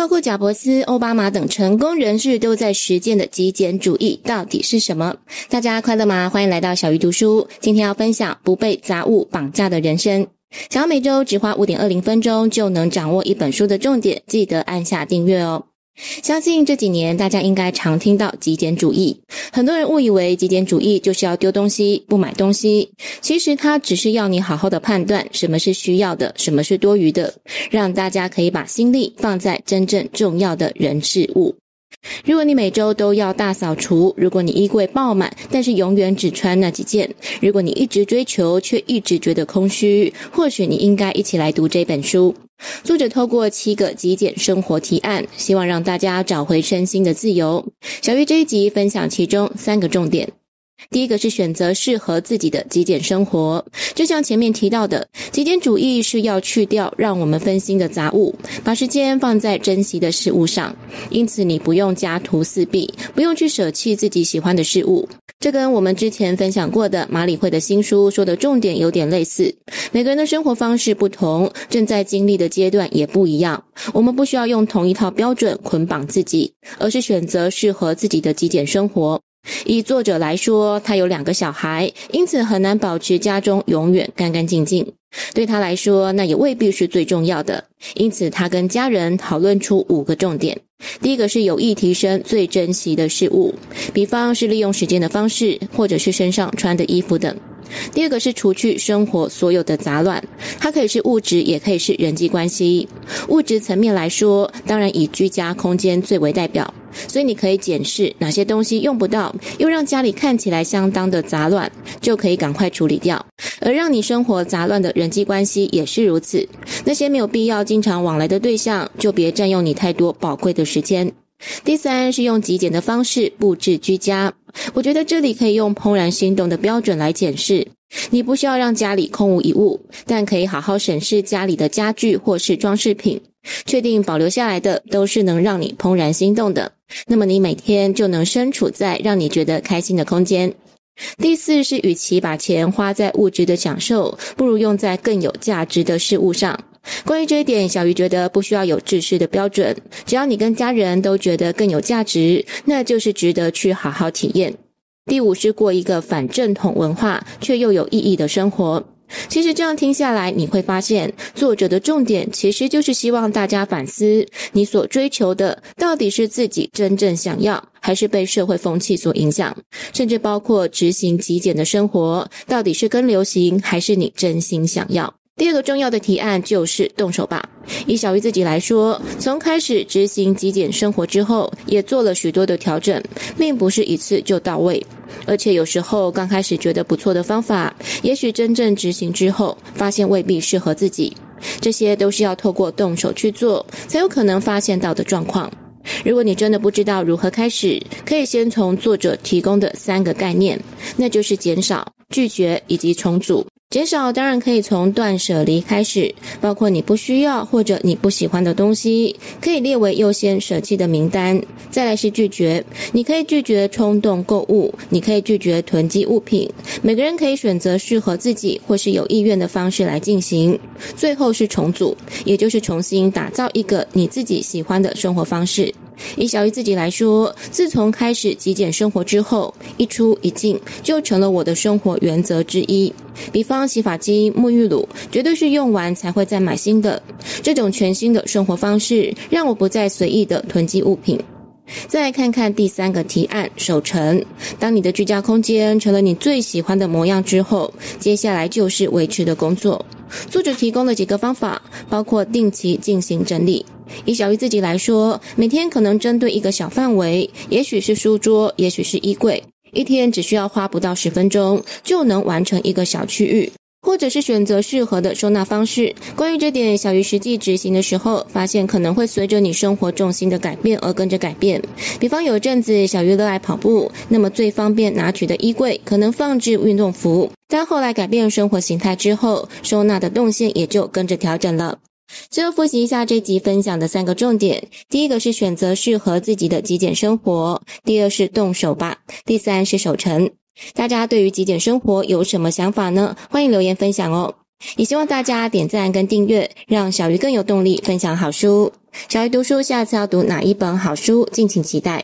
包括賈伯斯、奧巴馬等成功人士都在實踐的極簡主義到底是什麼？大家快樂嗎？歡迎來到小魚讀書。今天要分享不被雜物綁架的人生。想要每週只花五點二零分鐘就能掌握一本書的重點，記得按下訂閱哦。相信這幾年大家應該常聽到極簡主義，很多人誤以為極簡主義就是要丟東西、不買東西，其實它只是要你好好的判斷什麼是需要的，什麼是多餘的，讓大家可以把心力放在真正重要的人事物。如果你每週都要大掃除，如果你衣櫃爆滿，但是永遠只穿那幾件，如果你一直追求卻一直覺得空虛，或許你應該一起來讀這本書。作者透過七個極簡生活提案，希望讓大家找回身心的自由。小魚這一集分享其中三個重點。第一個是選擇適合自己的極簡生活，就像前面提到的，極簡主義是要去掉讓我們分心的雜物，把時間放在珍惜的事物上。因此，你不用家徒四壁，不用去捨棄自己喜歡的事物。這跟我們之前分享過的麻理惠的新書說的重點有點類似。每個人的生活方式不同，正在經歷的階段也不一樣。我們不需要用同一套標準捆綁自己，而是選擇適合自己的極簡生活。以作者來說，他有兩個小孩，因此很難保持家中永遠乾乾淨淨。對他來說，那也未必是最重要的。因此，他跟家人討論出五個重點。第一個是有意提升最珍惜的事物，比方是利用時間的方式，或者是身上穿的衣服等。第二個是除去生活所有的雜亂，它可以是物質，也可以是人際關係。物質層面來說，當然以居家空間最為代表，所以你可以檢視哪些東西用不到，又讓家裡看起來相當的雜亂，就可以趕快處理掉。而讓你生活雜亂的人際關係也是如此，那些沒有必要經常往來的對象，就別佔用你太多寶貴的時間。第三是用極簡的方式佈置居家。我覺得這裡可以用“怦然心動”的標準來檢視。你不需要讓家裡空無一物，但可以好好審視家裡的家具或是裝飾品，確定保留下來的都是能讓你怦然心動的。那麼你每天就能身處在讓你覺得開心的空間。第四是，與其把錢花在物質的享受，不如用在更有價值的事物上。關於這一點，小魚覺得不需要有制式的標準，只要你跟家人都覺得更有價值，那就是值得去好好體驗。第五是過一個反正統文化卻又有意義的生活。其實這樣聽下來，你會發現作者的重點其實就是希望大家反思：你所追求的到底是自己真正想要，還是被社會風氣所影響？甚至包括執行極簡的生活，到底是跟流行，還是你真心想要？第二個重要的提案就是動手吧。以小魚自己來說，從開始執行極簡生活之後，也做了許多的調整，並不是一次就到位。而且有時候剛開始覺得不錯的方法，也許真正執行之後，發現未必適合自己。這些都是要透過動手去做，才有可能發現到的狀況。如果你真的不知道如何開始，可以先從作者提供的三個概念，那就是減少、拒絕以及重組。減少當然可以從斷捨離開始，包括你不需要或者你不喜歡的東西，可以列為優先捨棄的名單。再來是拒絕，你可以拒絕衝動購物，你可以拒絕囤積物品。每個人可以選擇適合自己或是有意願的方式來進行。最後是重組，也就是重新打造一個你自己喜歡的生活方式。以小魚自己來說，自從開始極簡生活之後，一出一進就成了我的生活原則之一。比方洗髮精、沐浴乳，絕對是用完才會再買新的。這種全新的生活方式，讓我不再隨意的囤積物品。再來看看第三個提案：守成。當你的居家空間成了你最喜歡的模樣之後，接下來就是維持的工作。作者提供了幾個方法，包括定期進行整理。以小魚自己來說，每天可能針對一個小範圍，也許是書桌，也許是衣櫃，一天只需要花不到十分鐘就能完成一個小區域，或者是選擇適合的收納方式。關於這點，小魚實際執行的時候，發現可能會隨着你生活重心的改變而跟着改變。比方有陣子小魚熱愛跑步，那麼最方便拿取的衣櫃可能放置運動服，但後來改變生活形態之後，收納的動線也就跟着調整了。最後複習一下這集分享的三個重點：第一個是選擇適合自己的極簡生活；第二是動手吧；第三是守成。大家對於極簡生活有什麼想法呢？歡迎留言分享哦！也希望大家點讚跟訂閱，讓小魚更有動力分享好書。小魚讀書，下次要讀哪一本好書？敬請期待。